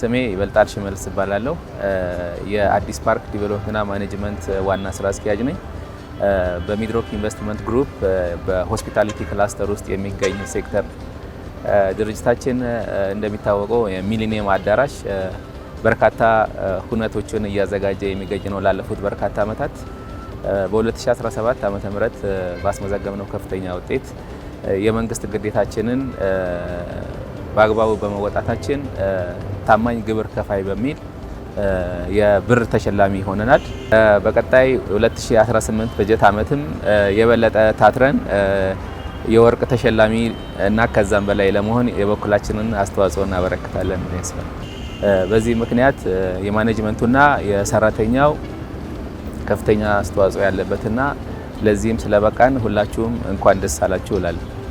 ስሜ ይበልጣል ሽመልስ እባላለሁ። የአዲስ ፓርክ ዲቨሎፕመንትና ማኔጅመንት ዋና ስራ አስኪያጅ ነኝ። በሚድሮክ ኢንቨስትመንት ግሩፕ በሆስፒታሊቲ ክላስተር ውስጥ የሚገኝ ሴክተር ድርጅታችን እንደሚታወቀው የሚሊኒየም አዳራሽ በርካታ ሁነቶችን እያዘጋጀ የሚገኝ ነው። ላለፉት በርካታ ዓመታት በ2017 ዓ ም ባስመዘገብነው ከፍተኛ ውጤት የመንግስት ግዴታችንን በአግባቡ በመወጣታችን ታማኝ ግብር ከፋይ በሚል የብር ተሸላሚ ሆነናል። በቀጣይ 2018 በጀት ዓመትም የበለጠ ታትረን የወርቅ ተሸላሚ እና ከዛም በላይ ለመሆን የበኩላችንን አስተዋጽኦ እናበረክታለን ያስባል። በዚህ ምክንያት የማኔጅመንቱና የሰራተኛው ከፍተኛ አስተዋጽኦ ያለበትና ለዚህም ስለበቃን ሁላችሁም እንኳን ደስ አላችሁ እላለሁ።